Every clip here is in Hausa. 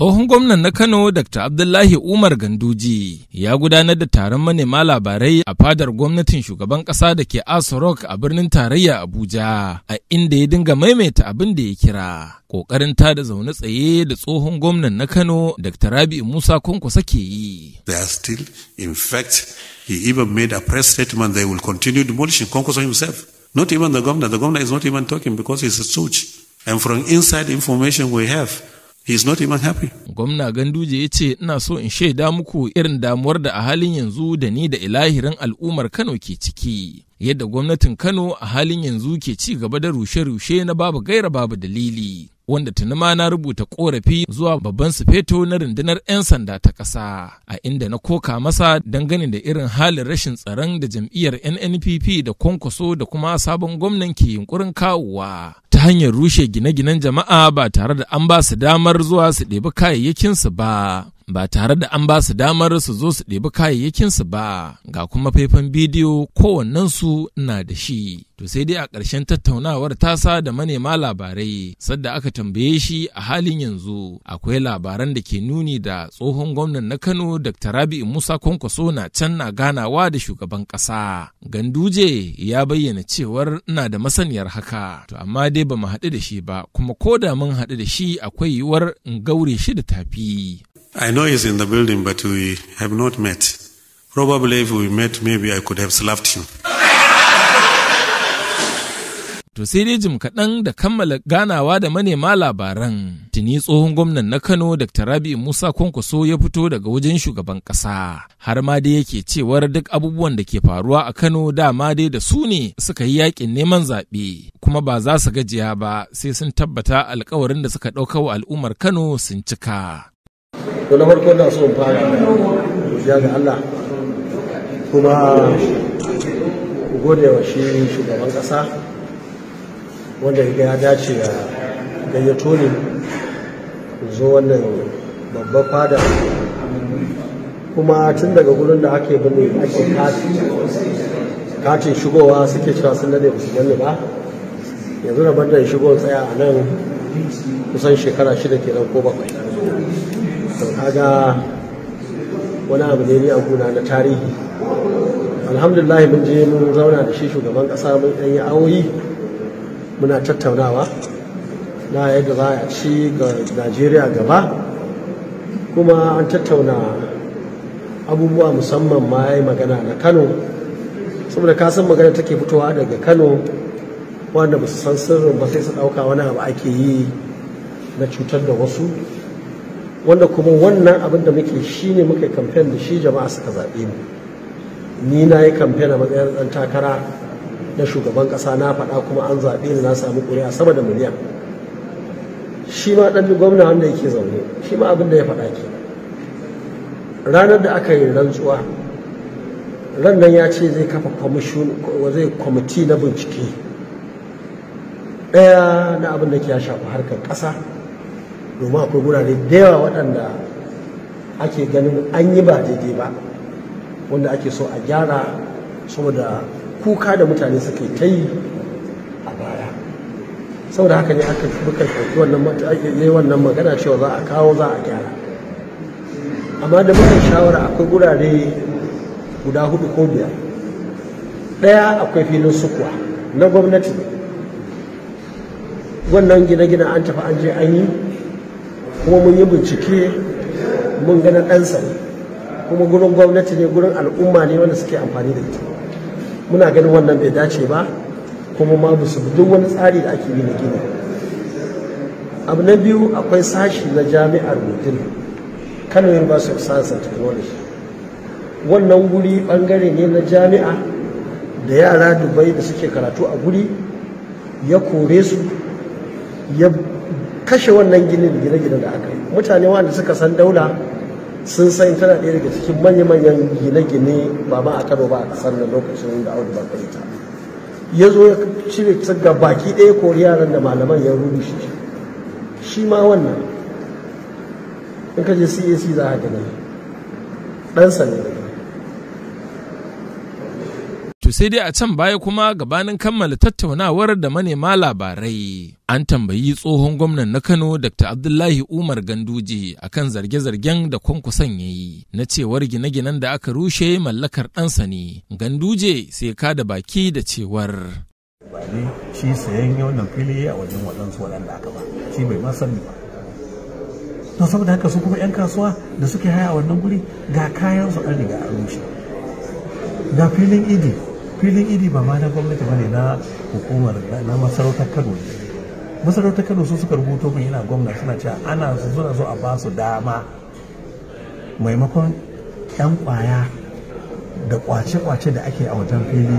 Tsohon gwamnan na Kano Dr. Abdullahi Umar Ganduji ya gudanar da taron manema labarai a fadar gwamnatin shugaban ƙasa da ke Aso Rock a birnin tarayya Abuja, a inda ya dinga maimaita abin da ya kira. Ƙoƙarin ta da zaune tsaye da tsohon gwamnan na Kano Dr. Rabi Musa Kwankwasa sake yi. They are still, in fact, he even made a press statement they will continue demolishing himself. Not even the governor. The governor is not even talking because he's a And from inside information we have, he is not even happy. Gwamna Ganduje ya ce ina so in shaida muku irin damuwar da a halin yanzu da ni da ilahirin al'ummar Kano ke ciki. Yadda gwamnatin Kano a halin yanzu ke ci gaba da rushe-rushe na babu gaira babu dalili. Wanda tuni ma na rubuta korafi zuwa babban sufeto na rundunar 'yan sanda ta ƙasa, a inda na koka masa dangane da irin halin rashin tsaron da jam'iyyar NNPP da kwankwaso da kuma sabon gwamnan ke yunkurin kawowa. ta hanyar rushe gine-ginen jama'a ba tare da an ba su damar zuwa su ɗebi kayayyakinsu ba. ba tare da an ba su damar su zo su ɗebi kayayyakinsu ba ga kuma faifan bidiyo kowannensu na da shi to sai dai a ƙarshen tattaunawar tasa da manema labarai sadda aka tambaye shi a halin yanzu akwai labaran da ke nuni da tsohon gwamnan na kano dr rabi'u musa kwankwaso na can na ganawa da shugaban ƙasa ganduje ya bayyana cewar na da masaniyar haka to amma dai ba mu haɗu da shi ba kuma ko da mun haɗu da shi akwai yiwuwar in gaure shi da tafi I know he's in the building, but we have not met. Probably if we met, maybe I could have slapped him. To sai dai jim kaɗan da kammala ganawa da manema labaran. Tuni tsohon gwamnan na Kano Dr. Rabi Musa Kwankwaso ya fito daga wajen shugaban ƙasa. Har ma dai yake cewar duk abubuwan da ke faruwa a Kano dama dai da su ne suka yi yakin neman zaɓe. Kuma ba za su gajiya ba sai sun tabbata alkawarin da suka ɗauka wa al'ummar Kano sun cika. to na farko na so fara godiya ga Allah kuma gode wa shi shugaban kasa wanda ya dace da gayyato ne zo wannan babbar fada kuma tun daga gurin da ake bane ake katin shigowa suke cewa sun dade su gani ba yanzu na banda shigo tsaya a nan kusan shekara shida kenan ko bakwai kaga wani abu ne ni a gona na tarihi alhamdulillah mun je mun zauna da shi shugaban kasa mun ɗan yi awoyi muna tattaunawa na yadda za a ci ga najeriya gaba kuma an tattauna abubuwa musamman ma ya yi magana na kano saboda ka san magana take fitowa daga kano wanda ba su san sirrin ba sai su ɗauka wani abu ake yi na cutar da wasu wanda kuma wannan abin da muke shi ne muka kamfen da shi jama'a suka zaɓe mu ni na yi kamfen a matsayin ɗan takara na shugaban ƙasa na faɗa kuma an zaɓe ni na samu ƙuri'a sama da miliyan shi ma ɗan gwamna wanda yake zaune shi ma abin da ya faɗa ke ranar da aka yi rantsuwa ran nan ya ce zai kafa zai kwamiti na bincike ɗaya na abin da ke ya shafi harkar ƙasa domin akwai gurare da yawa waɗanda ake ganin an yi ba daidai ba wanda ake so a gyara saboda kuka da mutane suke ta yi a baya saboda haka ne aka bukar ɗauki wannan wannan magana cewa za a kawo za a gyara amma da muka shawara akwai gurare guda hudu ko biyar ɗaya akwai filin sukuwa na gwamnati wannan gine-gine an tafi an je an yi kuma mun yi bincike mun ganin ɗansa ne kuma gurin gwamnati ne gurin al'umma ne wanda suke amfani da ita muna ganin wannan bai dace ba kuma ma musu duk wani tsari da ake yi na gini abu na biyu akwai sashi na jami'ar mutum kano university of science and technology wannan guri bangare ne na jami'a da yara dubai da suke karatu a guri ya kore su ya kashe wannan ginin gine-gine da aka yi mutane wanda suka san daula sun san tana ɗaya daga cikin manya-manyan gine-gine ba ma a kano ba a ƙasar nan lokacin da audu ba ta ya zo ya cire ta ga baki ɗaya kori yaran da malaman ya rubi shi Shi ma wannan in ka je cac za a gani ɗansa ne To sai dai a can baya kuma gabanin kammala tattaunawar da manema labarai. An tambayi tsohon gwamnan na Kano Dr. Abdullahi Umar Ganduje akan zarge-zargen da kwankwason ya yi na cewar gine-ginen da aka rushe mallakar ɗansa ne. Ganduje sai ka da baki da cewar. Ba ne shi sayan wannan fili a wajen waɗansu waɗanda aka ba, shi bai ma sani ba. Don saboda haka su kuma 'yan kasuwa da suke haya a wannan guri ga kayan su an riga a rushe. Ga filin idi filin idi ba ma na gwamnati ba ne na hukumar na masarautar kano ne. masarautar kano su suka rubuto min yana gwamna suna cewa ana suna zo a ba su dama maimakon yan kwaya da kwace-kwace da ake a wajen fili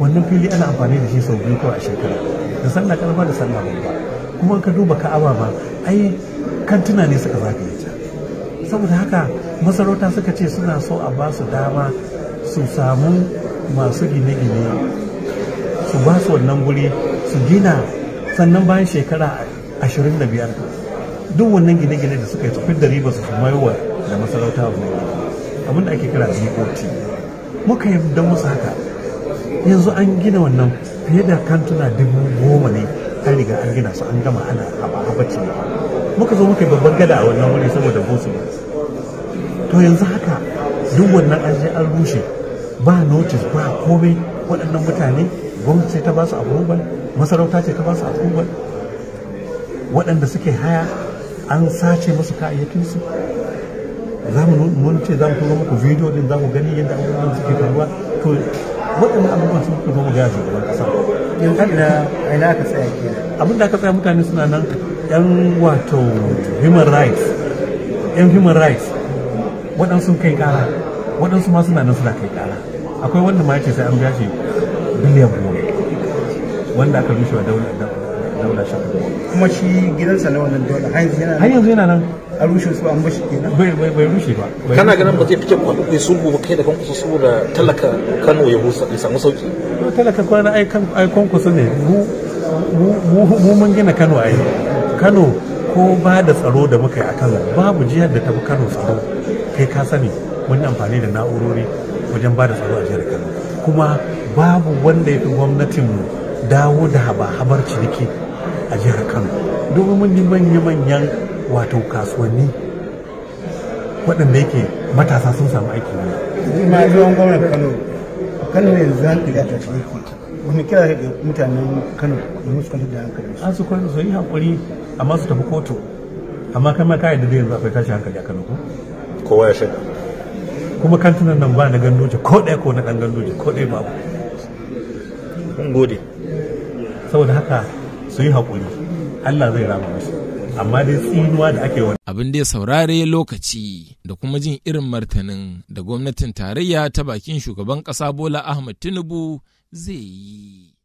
wannan fili ana amfani da shi sau biyu ko a shekara da sallah karfa da sallah babba kuma ka duba aba ba ai kantuna ne suka zagaye ta saboda haka masarauta suka ce suna so a ba su dama su samu masu gine-gine su ba su wannan guri su gina sannan bayan shekara 25 duk wannan gine-gine da suka yi tafi da riba su maiwa da masarauta wa abin da ake kira BOT muka yi don musu haka yanzu an gina wannan fiye da kantuna dubu goma ne an riga an gina su an gama ana abaci muka zo muka yi babban gada a wannan wuri saboda bosu to yanzu haka duk wannan an je an rushe ba notice ba komai waɗannan mutane gwamnati sai ta ba su approval masarauta ce ta ba su approval waɗanda suke haya an sace musu kayayyakinsu za mu nuna ce za mu tura muku bidiyo din za mu gani yadda abubuwan suke faruwa to waɗannan abubuwan sun fito mu gaya shugaban ƙasa yanzu da aina aka tsaya ke abin da aka tsaya mutane suna nan yan wato human rights yan human rights waɗansu kai ƙara waɗansu ma suna nan suna kai ƙara akwai wanda ma ce sai an gashi biliyan goma wanda aka rushe wa daular sha kuma shi gidansa na wannan dole har yanzu yana nan a rushe su an bashi kenan bai bai bai rushe ba kana ganin ba zai fice kwanu kai sulhu ba kai da kanku su saboda talaka Kano ya husa ya samu sauki to talaka kwana ai kan ai kanku su ne mu mu mun gina Kano ai Kano ko ba da tsaro da muka yi a Kano babu jihar da ta fi Kano tsaro kai ka sani mun amfani da na'urori wajen ba da tsaro a jihar kano kuma babu wanda ya fi gwamnatin dawo da haba-habar ciniki a jihar kano domin mun yi manya-manyan wato kasuwanni waɗanda yake matasa sun samu aiki ne. ma zuwan gwamnan kano kano yanzu an ɗiga ta ciniki wani kira da mutanen kano da su kwanci da hankali an su kwanci su yi haƙuri amma su tafi kotu amma kai ma ka da zai yanzu tashi hankali a kano ko kowa ya shaida kuma kantunan nan ba na gandoji ko ɗaya ko na ɗan gandoji ko ɗaya babu kun gode saboda haka su yi haƙuri Allah zai rama musu amma dai tsinuwa da ake wani abin da ya saurare lokaci da kuma jin irin martanin da gwamnatin tarayya ta bakin shugaban ƙasa Bola ahmad Tinubu zai yi